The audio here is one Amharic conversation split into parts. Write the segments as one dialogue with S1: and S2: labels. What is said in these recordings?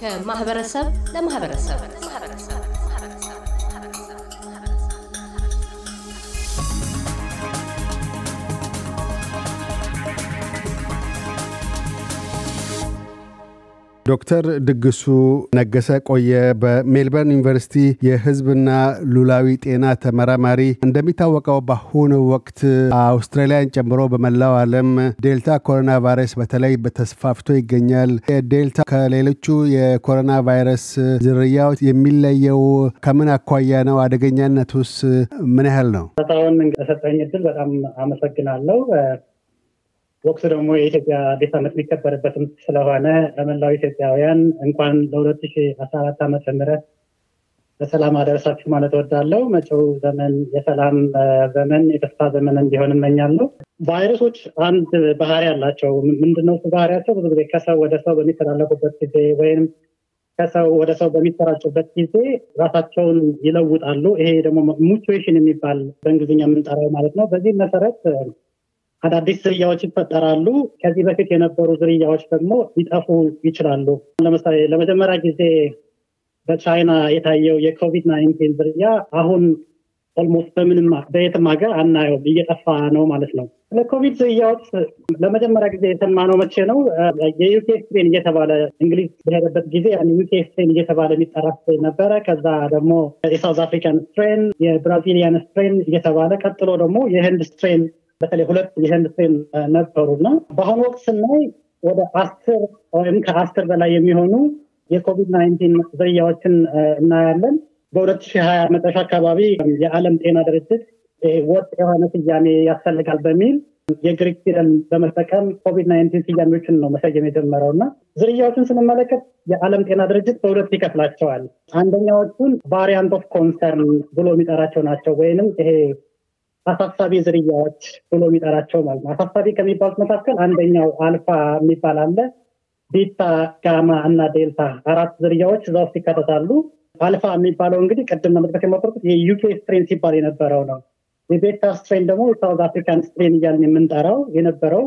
S1: ከማህበረሰብ ለማህበረሰብ ዶክተር ድግሱ ነገሰ ቆየ በሜልበርን ዩኒቨርሲቲ የህዝብና ሉላዊ ጤና ተመራማሪ። እንደሚታወቀው በአሁኑ ወቅት አውስትራሊያን ጨምሮ በመላው ዓለም ዴልታ ኮሮና ቫይረስ በተለይ ተስፋፍቶ ይገኛል። ዴልታ ከሌሎቹ የኮሮና ቫይረስ ዝርያዎች የሚለየው ከምን አኳያ ነው? አደገኛነቱስ ምን ያህል ነው?
S2: ሰጠውን ሰጠኝ እድል በጣም አመሰግናለሁ። ወቅቱ ደግሞ የኢትዮጵያ አዲስ ዓመት የሚከበርበትም ስለሆነ ለመላው ኢትዮጵያውያን እንኳን ለሁለት ሺ አስራ አራት ዓመተ ምህረት በሰላም አደረሳችሁ ማለት ወዳለው መጪው ዘመን የሰላም ዘመን የተስፋ ዘመን እንዲሆን እመኛለሁ። ቫይረሶች አንድ ባህሪ አላቸው። ምንድነው እሱ ባህሪያቸው? ብዙ ጊዜ ከሰው ወደ ሰው በሚተላለፉበት ጊዜ ወይም ከሰው ወደ ሰው በሚሰራጩበት ጊዜ ራሳቸውን ይለውጣሉ። ይሄ ደግሞ ሙቹዌሽን የሚባል በእንግሊዝኛ የምንጠራው ማለት ነው። በዚህ መሰረት አዳዲስ ዝርያዎች ይፈጠራሉ። ከዚህ በፊት የነበሩ ዝርያዎች ደግሞ ሊጠፉ ይችላሉ። ለምሳሌ ለመጀመሪያ ጊዜ በቻይና የታየው የኮቪድ ናይንቲን ዝርያ አሁን ኦልሞስት በምንም በየትም ሀገር አናየውም፣ እየጠፋ ነው ማለት ነው። ለኮቪድ ዝርያዎች ለመጀመሪያ ጊዜ የሰማነው መቼ ነው? የዩኬ ስትሬን እየተባለ እንግሊዝ በሄደበት ጊዜ ዩኬ ስትሬን እየተባለ የሚጠራ ነበረ። ከዛ ደግሞ የሳውዝ አፍሪካን ስትሬን፣ የብራዚሊያን ስትሬን እየተባለ ቀጥሎ ደግሞ የህንድ ስትሬን በተለይ ሁለት የህንድ ነበሩ እና በአሁኑ ወቅት ስናይ ወደ አስር ወይም ከአስር በላይ የሚሆኑ የኮቪድ ናይንቲን ዝርያዎችን እናያለን። ሀያ መጨረሻ አካባቢ የዓለም ጤና ድርጅት ወጥ የሆነ ስያሜ ያስፈልጋል በሚል የግሪክ ፊደል በመጠቀም ኮቪድ ናይንቲን ስያሜዎችን ነው መሰየም የጀመረው እና ዝርያዎችን ስንመለከት የዓለም ጤና ድርጅት በሁለት ይከፍላቸዋል። አንደኛዎቹን ቫሪያንት ኦፍ ኮንሰርን ብሎ የሚጠራቸው ናቸው ወይንም ይሄ አሳሳቢ ዝርያዎች ብሎ የሚጠራቸው ማለት ነው። አሳሳቢ ከሚባሉት መካከል አንደኛው አልፋ የሚባል አለ። ቢታ፣ ጋማ እና ዴልታ አራት ዝርያዎች እዛ ውስጥ ይካተታሉ። አልፋ የሚባለው እንግዲህ ቅድም ለመጥቀስ የሞከርኩት የዩኬ ስትሬን ሲባል የነበረው ነው። የቤታ ስትሬን ደግሞ የሳውዝ አፍሪካን ስትሬን እያልን የምንጠራው የነበረው፣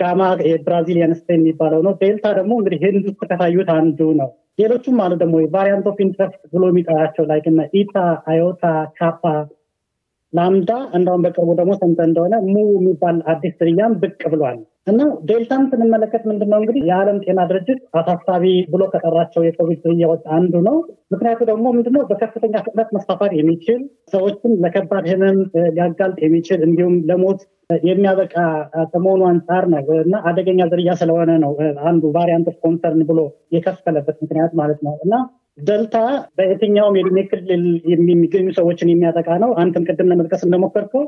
S2: ጋማ የብራዚሊያን ስትሬን የሚባለው ነው። ዴልታ ደግሞ እንግዲህ ህንድ ውስጥ ከታዩት አንዱ ነው። ሌሎቹም አሉ ደግሞ የቫሪያንት ኦፍ ኢንትረስት ብሎ የሚጠራቸው ላይ ኢታ፣ አዮታ፣ ካፓ ላምዳ እንዳሁም በቅርቡ ደግሞ ሰምተ እንደሆነ ሙ የሚባል አዲስ ዝርያም ብቅ ብሏል እና ዴልታን ስንመለከት ምንድነው እንግዲህ የዓለም ጤና ድርጅት አሳሳቢ ብሎ ከጠራቸው የኮቪድ ዝርያዎች አንዱ ነው። ምክንያቱ ደግሞ ምንድነው በከፍተኛ ፍጥነት መስፋፋት የሚችል ሰዎችን ለከባድ ህመም ሊያጋልጥ የሚችል እንዲሁም ለሞት የሚያበቃ ከመሆኑ አንጻር ነው እና አደገኛ ዝርያ ስለሆነ ነው አንዱ ቫሪያንት ኮንሰርን ብሎ የከፈለበት ምክንያት ማለት ነው እና ደልታ በየትኛውም የዕድሜ ክልል የሚገኙ ሰዎችን የሚያጠቃ ነው። አንተም ቅድም ለመጥቀስ እንደሞከርከው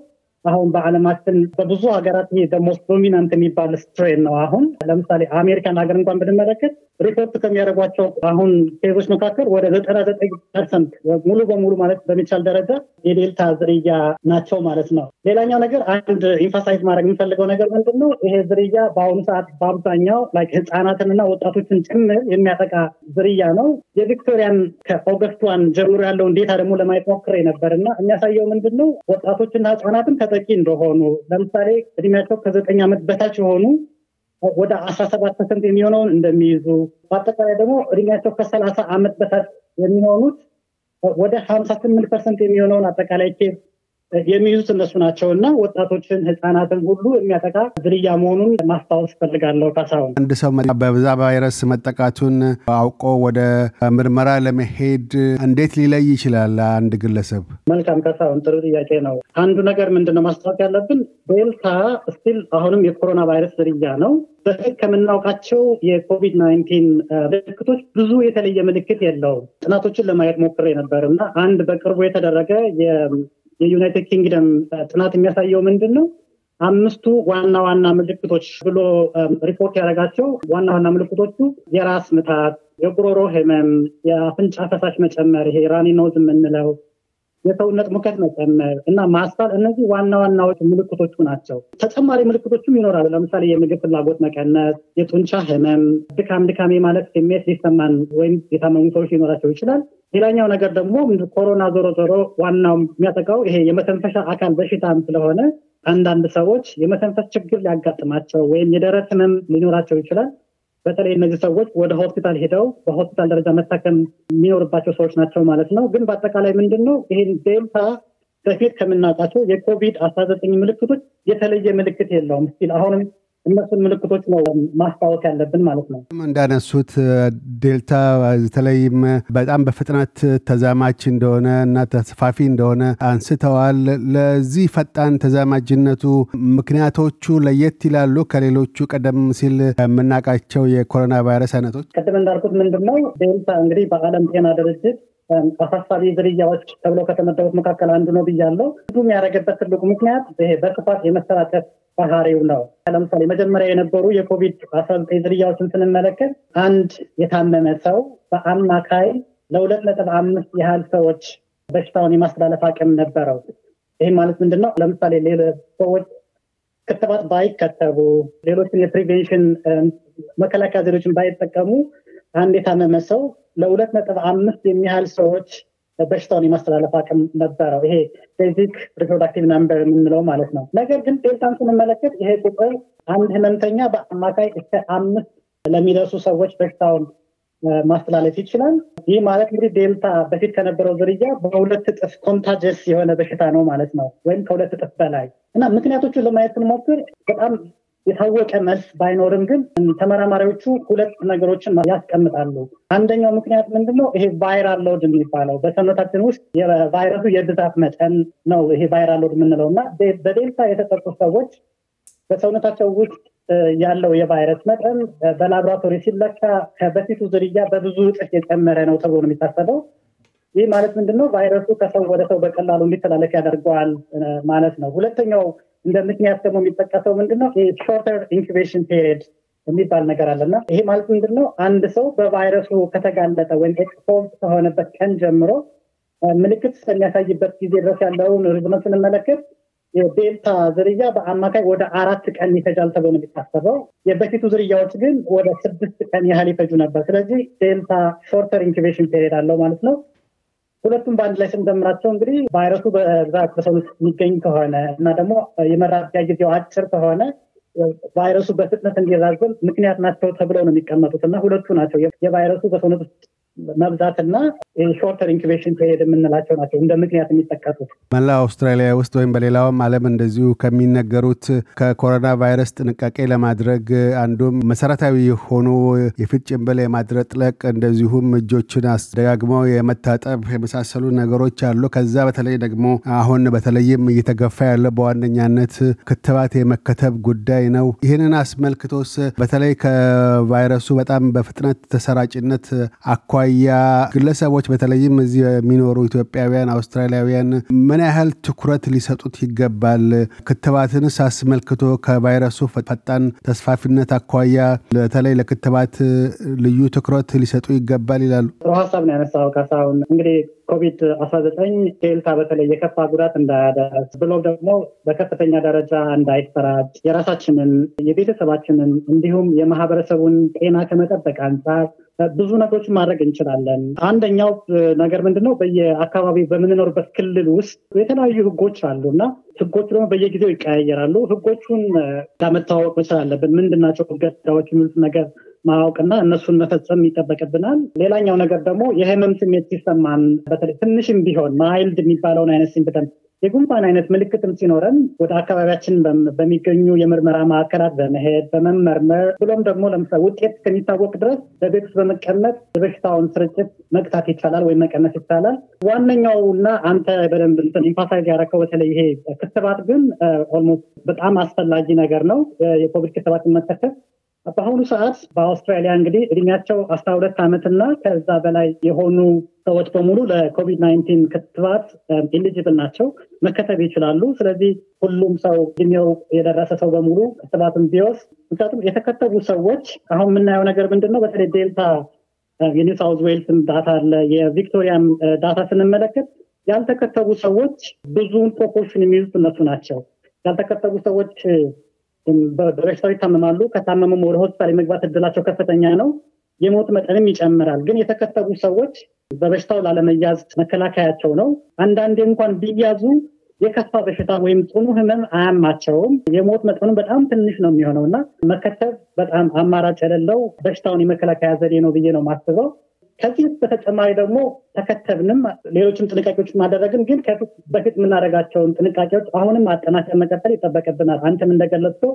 S2: አሁን በዓለማችን በብዙ ሀገራት ይሄ ሞስት ዶሚናንት የሚባል ስትሬን ነው። አሁን ለምሳሌ አሜሪካን ሀገር እንኳን ብንመለከት ሪፖርት ከሚያደርጓቸው አሁን ኬዞች መካከል ወደ ዘጠና ዘጠኝ ፐርሰንት ሙሉ በሙሉ ማለት በሚቻል ደረጃ የዴልታ ዝርያ ናቸው ማለት ነው። ሌላኛው ነገር አንድ ኢንፋሳይዝ ማድረግ የምፈልገው ነገር ምንድን ነው? ይሄ ዝርያ በአሁኑ ሰዓት በአብዛኛው ላይ ህፃናትንና ወጣቶችን ጭምር የሚያጠቃ ዝርያ ነው። የቪክቶሪያን ከኦገስት ዋን ጀምሮ ያለው እንዴታ ደግሞ ለማየት ሞክሬ ነበር እና የሚያሳየው ምንድን ነው ወጣቶችና ህፃናትን ተጠቂ እንደሆኑ ለምሳሌ እድሜያቸው ከዘጠኝ ዓመት በታች የሆኑ ወደ አስራ ሰባት ፐርሰንት የሚሆነውን እንደሚይዙ በአጠቃላይ ደግሞ እድሜያቸው ከሰላሳ ዓመት በታች የሚሆኑት ወደ ሀምሳ ስምንት ፐርሰንት የሚሆነውን አጠቃላይ ኬዝ የሚይዙት እነሱ ናቸው እና ወጣቶችን ህፃናትን ሁሉ የሚያጠቃ ዝርያ መሆኑን ማስታወስ ፈልጋለሁ። ካሳሁን
S1: አንድ ሰው በብዛ ቫይረስ መጠቃቱን አውቆ ወደ ምርመራ ለመሄድ እንዴት ሊለይ ይችላል? አንድ ግለሰብ።
S2: መልካም ካሳሁን፣ ጥሩ ጥያቄ ነው። አንዱ ነገር ምንድነው ማስታወቅ ያለብን ዴልታ ስቲል አሁንም የኮሮና ቫይረስ ዝርያ ነው። በፊት ከምናውቃቸው የኮቪድ ናይንቲን ምልክቶች ብዙ የተለየ ምልክት የለውም። ጥናቶችን ለማየት ሞክሬ ነበር እና አንድ በቅርቡ የተደረገ የዩናይትድ ኪንግደም ጥናት የሚያሳየው ምንድን ነው አምስቱ ዋና ዋና ምልክቶች ብሎ ሪፖርት ያደረጋቸው ዋና ዋና ምልክቶቹ የራስ ምታት፣ የጉሮሮ ህመም፣ የአፍንጫ ፈሳሽ መጨመር፣ ይሄ ራኒኖዝ የምንለው የሰውነት ሙከት መጨመር እና ማስፋል እነዚህ ዋና ዋናዎች ምልክቶቹ ናቸው። ተጨማሪ ምልክቶችም ይኖራሉ። ለምሳሌ የምግብ ፍላጎት መቀነስ፣ የጡንቻ ህመም፣ ድካም ድካሜ ማለት ስሜት ሊሰማን ወይም የታመሙ ሰዎች ሊኖራቸው ይችላል። ሌላኛው ነገር ደግሞ ኮሮና ዞሮ ዞሮ ዋናው የሚያጠቃው ይሄ የመተንፈሻ አካል በሽታም ስለሆነ አንዳንድ ሰዎች የመተንፈስ ችግር ሊያጋጥማቸው ወይም የደረት ህመም ሊኖራቸው ይችላል። በተለይ እነዚህ ሰዎች ወደ ሆስፒታል ሄደው በሆስፒታል ደረጃ መታከም የሚኖርባቸው ሰዎች ናቸው ማለት ነው። ግን በአጠቃላይ ምንድን ነው ይህን ዴልታ በፊት ከምናውቃቸው የኮቪድ አስራ ዘጠኝ ምልክቶች የተለየ ምልክት የለውም ስል አሁንም እነሱን ምልክቶች ነው ማስታወቅ ያለብን ማለት ነው።
S1: እንዳነሱት ዴልታ በተለይም በጣም በፍጥነት ተዛማች እንደሆነ እና ተስፋፊ እንደሆነ አንስተዋል። ለዚህ ፈጣን ተዛማጅነቱ ምክንያቶቹ ለየት ይላሉ ከሌሎቹ ቀደም ሲል የምናውቃቸው የኮሮና ቫይረስ አይነቶች።
S2: ቅድም እንዳልኩት ምንድን ነው ዴልታ እንግዲህ በዓለም ጤና ድርጅት አሳሳቢ ዝርያዎች ተብለው ከተመደቡት መካከል አንዱ ነው ብያለሁ። ሁሉም ያደረገበት ትልቁ ምክንያት ይሄ በስፋት የመሰራጨት ባህሪው ነው። ለምሳሌ መጀመሪያ የነበሩ የኮቪድ አስራ ዘጠኝ ዝርያዎችን ስንመለከት አንድ የታመመ ሰው በአማካይ ለሁለት ነጥብ አምስት ያህል ሰዎች በሽታውን የማስተላለፍ አቅም ነበረው። ይህ ማለት ምንድን ነው? ለምሳሌ ሌሎች ሰዎች ክትባት ባይከተቡ፣ ሌሎችን የፕሪቬንሽን መከላከያ ዘዴዎችን ባይጠቀሙ አንድ የታመመ ሰው ለሁለት ነጥብ አምስት የሚያህል ሰዎች በሽታውን የማስተላለፍ አቅም ነበረው። ይሄ ቤዚክ ሪፕሮዳክቲቭ ነምበር የምንለው ማለት ነው። ነገር ግን ዴልታን ስንመለከት ይሄ ቁጥር አንድ ህመምተኛ በአማካይ እስከ አምስት ለሚደርሱ ሰዎች በሽታውን ማስተላለፍ ይችላል። ይህ ማለት እንግዲህ ዴልታ በፊት ከነበረው ዝርያ በሁለት እጥፍ ኮንታጀስ የሆነ በሽታ ነው ማለት ነው፣ ወይም ከሁለት እጥፍ በላይ እና ምክንያቶቹ ለማየት ስንሞክር በጣም የታወቀ መልስ ባይኖርም ግን ተመራማሪዎቹ ሁለት ነገሮችን ያስቀምጣሉ። አንደኛው ምክንያት ምንድነው? ይሄ ቫይራል ሎድ የሚባለው በሰውነታችን ውስጥ የቫይረሱ የብዛት መጠን ነው። ይሄ ቫይራል ሎድ የምንለው እና በዴልታ የተጠቁ ሰዎች በሰውነታቸው ውስጥ ያለው የቫይረስ መጠን በላቦራቶሪ ሲለካ ከበፊቱ ዝርያ በብዙ እጥፍ የጨመረ ነው ተብሎ ነው የሚታሰበው። ይህ ማለት ምንድነው? ቫይረሱ ከሰው ወደ ሰው በቀላሉ እንዲተላለፍ ያደርገዋል ማለት ነው። ሁለተኛው እንደ ምክንያት ደግሞ የሚጠቀሰው ምንድነው ሾርተር ኢንኩቤሽን ፔሪድ የሚባል ነገር አለና ይሄ ማለት ምንድነው አንድ ሰው በቫይረሱ ከተጋለጠ ወይም ኤክስፖዝ ከሆነበት ቀን ጀምሮ ምልክት እስከሚያሳይበት ጊዜ ድረስ ያለውን ርዝመት ስንመለከት የዴልታ ዝርያ በአማካይ ወደ አራት ቀን ይፈጃል ተብሎ ነው የሚታሰበው። የበፊቱ ዝርያዎች ግን ወደ ስድስት ቀን ያህል ይፈጁ ነበር። ስለዚህ ዴልታ ሾርተር ኢንኩቤሽን ፔሪድ አለው ማለት ነው። ሁለቱም በአንድ ላይ ስንደምራቸው እንግዲህ ቫይረሱ በዛ በሰው ውስጥ የሚገኝ ከሆነ እና ደግሞ የመራቢያ ጊዜው አጭር ከሆነ ቫይረሱ በፍጥነት እንዲራዘም ምክንያት ናቸው ተብለው ነው የሚቀመጡት እና ሁለቱ ናቸው የቫይረሱ በሰውነት ውስጥ መብዛትና ሾርተር ኢንኩቤሽን ፔሪድ የምንላቸው ናቸው እንደ ምክንያት የሚጠቀሱት።
S1: መላ አውስትራሊያ ውስጥ ወይም በሌላውም ዓለም እንደዚሁ ከሚነገሩት ከኮሮና ቫይረስ ጥንቃቄ ለማድረግ አንዱም መሰረታዊ የሆኑ የፊት ጭንብል የማድረጥለቅ እንደዚሁም እጆችን አስደጋግመው የመታጠብ የመሳሰሉ ነገሮች አሉ። ከዛ በተለይ ደግሞ አሁን በተለይም እየተገፋ ያለ በዋነኛነት ክትባት የመከተብ ጉዳይ ነው። ይህንን አስመልክቶስ በተለይ ከቫይረሱ በጣም በፍጥነት ተሰራጭነት አኳ አኳያ ግለሰቦች በተለይም እዚህ የሚኖሩ ኢትዮጵያውያን፣ አውስትራሊያውያን ምን ያህል ትኩረት ሊሰጡት ይገባል? ክትባትንስ አስመልክቶ ከቫይረሱ ፈጣን ተስፋፊነት አኳያ በተለይ ለክትባት ልዩ ትኩረት ሊሰጡ ይገባል ይላሉ።
S2: ጥሩ ሀሳብ ነው ያነሳው ካሳሁን። እንግዲህ ኮቪድ አስራ ዘጠኝ ዴልታ በተለይ የከፋ ጉዳት እንዳያደርስ ብሎ ደግሞ በከፍተኛ ደረጃ እንዳይሰራጭ የራሳችንን የቤተሰባችንን እንዲሁም የማህበረሰቡን ጤና ከመጠበቅ አንጻር ብዙ ነገሮችን ማድረግ እንችላለን። አንደኛው ነገር ምንድነው በየአካባቢ በምንኖርበት ክልል ውስጥ የተለያዩ ህጎች አሉ እና ህጎቹ ደግሞ በየጊዜው ይቀያየራሉ። ህጎቹን መተዋወቅ መቻል አለብን። ምንድናቸው ህገዳዎች የሚሉት ነገር ማወቅና እነሱን መፈጸም ይጠበቅብናል። ሌላኛው ነገር ደግሞ የህመም ስሜት ሲሰማን በተለይ ትንሽም ቢሆን ማይልድ የሚባለውን አይነት ሲምፕተም የጉንፋን አይነት ምልክትም ሲኖረን ወደ አካባቢያችን በሚገኙ የምርመራ ማዕከላት በመሄድ በመመርመር ብሎም ደግሞ ለምሳሌ ውጤት እስከሚታወቅ ድረስ በቤት ውስጥ በመቀመጥ የበሽታውን ስርጭት መግታት ይቻላል ወይም መቀነስ ይቻላል። ዋነኛው እና አንተ በደንብ ኢንፋሳይዝ ያደረከው በተለይ ይሄ ክትባት ግን ኦልሞስት በጣም አስፈላጊ ነገር ነው። የኮቪድ ክትባት መከተት በአሁኑ ሰዓት በአውስትራሊያ እንግዲህ እድሜያቸው አስራ ሁለት ዓመትና ከዛ በላይ የሆኑ ሰዎች በሙሉ ለኮቪድ ናይንቲን ክትባት ኢሊጅብል ናቸው፣ መከተብ ይችላሉ። ስለዚህ ሁሉም ሰው እድሜው የደረሰ ሰው በሙሉ ክትባትን ቢወስድ፣ ምክንያቱም የተከተቡ ሰዎች አሁን የምናየው ነገር ምንድን ነው? በተለይ ዴልታ የኒው ሳውዝ ዌልስም ዳታ አለ፣ የቪክቶሪያም ዳታ ስንመለከት ያልተከተቡ ሰዎች ብዙውን ፕሮፖርሽን የሚይዙት እነሱ ናቸው። ያልተከተቡ ሰዎች በበሽታው ይታመማሉ። ከታመሙም ወደ ሆስፒታል የመግባት እድላቸው ከፍተኛ ነው። የሞት መጠንም ይጨምራል። ግን የተከተቡ ሰዎች በበሽታው ላለመያዝ መከላከያቸው ነው። አንዳንዴ እንኳን ቢያዙ የከፋ በሽታ ወይም ጽኑ ህመም አያማቸውም። የሞት መጠኑ በጣም ትንሽ ነው የሚሆነው እና መከተብ በጣም አማራጭ የሌለው በሽታውን የመከላከያ ዘዴ ነው ብዬ ነው ማስበው። ከዚህ በተጨማሪ ደግሞ ተከተብንም ሌሎችም ጥንቃቄዎች ማደረግን ግን ከፊት በፊት የምናደርጋቸውን ጥንቃቄዎች አሁንም አጠናክረን መቀጠል ይጠበቅብናል። አንተም እንደገለጽከው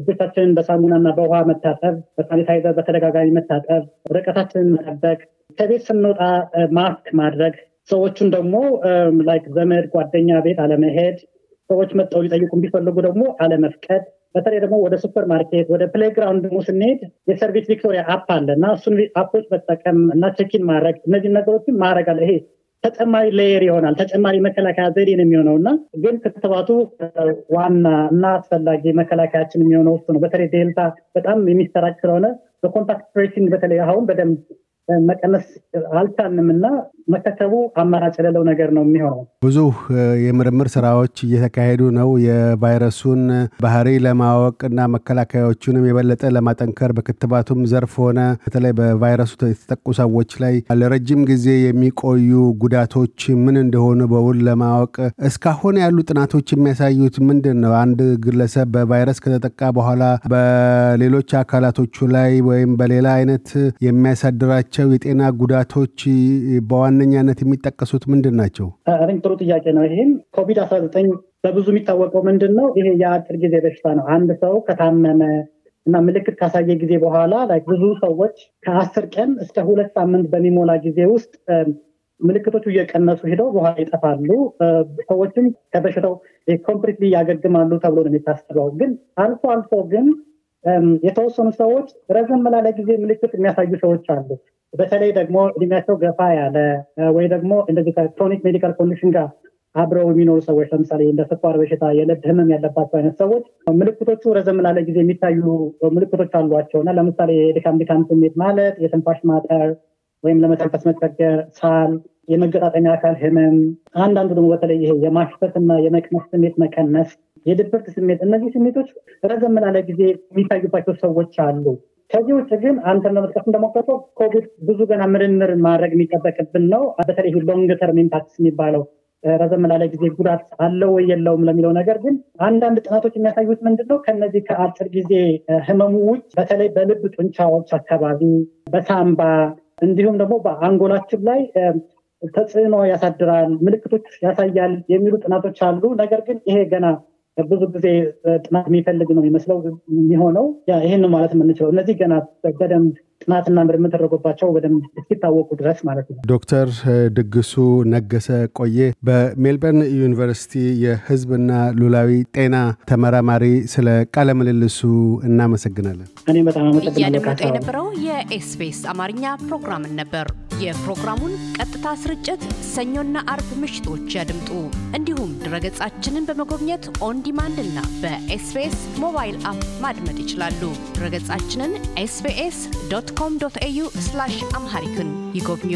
S2: እጆቻችንን በሳሙናና በውሃ መታጠብ፣ በሳኒታይዘር በተደጋጋሚ መታጠብ፣ ርቀታችንን መጠበቅ፣ ከቤት ስንወጣ ማስክ ማድረግ፣ ሰዎቹን ደግሞ ላይክ ዘመድ ጓደኛ ቤት አለመሄድ፣ ሰዎች መጠው ሊጠይቁ ቢፈልጉ ደግሞ አለመፍቀድ በተለይ ደግሞ ወደ ሱፐር ማርኬት ወደ ፕሌግራውንድ ደግሞ ስንሄድ የሰርቪስ ቪክቶሪያ አፕ አለ እና እሱን አፖች መጠቀም እና ቸኪን ማድረግ እነዚህ ነገሮችን ማድረግ አለ ይሄ ተጨማሪ ሌየር ይሆናል። ተጨማሪ መከላከያ ዘዴን ነው የሚሆነው እና ግን ክትባቱ ዋና እና አስፈላጊ መከላከያችን የሚሆነው እሱ ነው። በተለይ ዴልታ በጣም የሚሰራጭ ስለሆነ በኮንታክት ትሬሲንግ በተለይ አሁን በደንብ መቀነስ አልቻንም እና መከተቡ አማራጭ የሌለው ነገር ነው የሚሆነው።
S1: ብዙ የምርምር ስራዎች እየተካሄዱ ነው። የቫይረሱን ባህሪ ለማወቅ እና መከላከያዎቹንም የበለጠ ለማጠንከር በክትባቱም ዘርፍ ሆነ በተለይ በቫይረሱ የተጠቁ ሰዎች ላይ ለረጅም ጊዜ የሚቆዩ ጉዳቶች ምን እንደሆኑ በውል ለማወቅ እስካሁን ያሉ ጥናቶች የሚያሳዩት ምንድን ነው? አንድ ግለሰብ በቫይረስ ከተጠቃ በኋላ በሌሎች አካላቶቹ ላይ ወይም በሌላ አይነት የሚያሳድራቸው የጤና ጉዳቶች በዋ በዋነኛነት የሚጠቀሱት ምንድን ናቸው?
S2: ጥሩ ጥያቄ ነው። ይህም ኮቪድ አስራ ዘጠኝ በብዙ የሚታወቀው ምንድን ነው? ይሄ የአጭር ጊዜ በሽታ ነው። አንድ ሰው ከታመመ እና ምልክት ካሳየ ጊዜ በኋላ ብዙ ሰዎች ከአስር ቀን እስከ ሁለት ሳምንት በሚሞላ ጊዜ ውስጥ ምልክቶቹ እየቀነሱ ሄደው በኋላ ይጠፋሉ። ሰዎችም ከበሽታው ኮምፕሊትሊ ያገግማሉ ተብሎ ነው የሚታስበው። ግን አልፎ አልፎ ግን የተወሰኑ ሰዎች ረዘም ላለ ጊዜ ምልክት የሚያሳዩ ሰዎች አሉ። በተለይ ደግሞ እድሜያቸው ገፋ ያለ ወይ ደግሞ እንደዚህ ከክሮኒክ ሜዲካል ኮንዲሽን ጋር አብረው የሚኖሩ ሰዎች ለምሳሌ እንደ ስኳር በሽታ፣ የልብ ህመም ያለባቸው አይነት ሰዎች ምልክቶቹ ረዘም ላለ ጊዜ የሚታዩ ምልክቶች አሏቸው እና ለምሳሌ የድካም ድካም ስሜት ማለት የትንፋሽ ማጠር ወይም ለመተንፈስ መቸገር፣ ሳል፣ የመገጣጠሚያ አካል ህመም፣ አንዳንዱ ደግሞ በተለይ ይሄ የማሽተት እና የመቅመስ ስሜት መቀነስ፣ የድብርት ስሜት፣ እነዚህ ስሜቶች ረዘም ላለ ጊዜ የሚታዩባቸው ሰዎች አሉ። ከዚህ ውጭ ግን አንተ ለመጥቀስ እንደሞከርከው ኮቪድ ብዙ ገና ምርምር ማድረግ የሚጠበቅብን ነው። በተለይ ሎንግ ተርም የሚባለው ረዘም ላለ ጊዜ ጉዳት አለው ወይ የለውም ለሚለው ነገር ግን አንዳንድ ጥናቶች የሚያሳዩት ምንድን ነው ከነዚህ ከአጭር ጊዜ ህመሙ ውጭ በተለይ በልብ ጡንቻዎች አካባቢ፣ በሳምባ እንዲሁም ደግሞ በአንጎላችን ላይ ተጽዕኖ ያሳድራል፣ ምልክቶች ያሳያል የሚሉ ጥናቶች አሉ። ነገር ግን ይሄ ገና ብዙ ጊዜ ጥናት የሚፈልግ ነው የሚመስለው የሚሆነው ይህን ማለት የምንችለው እነዚህ ገና በደንብ ጥናትና ምርምር ተደረጎባቸው በደንብ እስኪታወቁ ድረስ ማለት ነው።
S1: ዶክተር ድግሱ ነገሰ ቆየ በሜልበርን ዩኒቨርሲቲ የሕዝብና ሉላዊ ጤና ተመራማሪ፣ ስለ ቃለ ምልልሱ እናመሰግናለን።
S2: እኔ በጣም አመሰግናለሁ። እያደመጡ የነበረው የኤስቢኤስ አማርኛ ፕሮግራምን ነበር። የፕሮግራሙን ቀጥታ ስርጭት ሰኞና አርብ ምሽቶች ያድምጡ። እንዲሁም ድረገጻችንን በመጎብኘት ኦን ዲማንድ እና በኤስቢኤስ ሞባይል አፕ ማድመጥ ይችላሉ። ድረገጻችንን ኤስቢኤስ ዶት ዶት ኮም ዶት ኤዩ ስላሽ አምሃሪክን ይጎብኙ።